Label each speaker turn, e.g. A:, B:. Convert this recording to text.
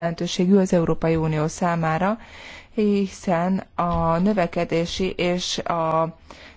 A: jelentőségű az Európai Unió számára, hiszen a növekedési és a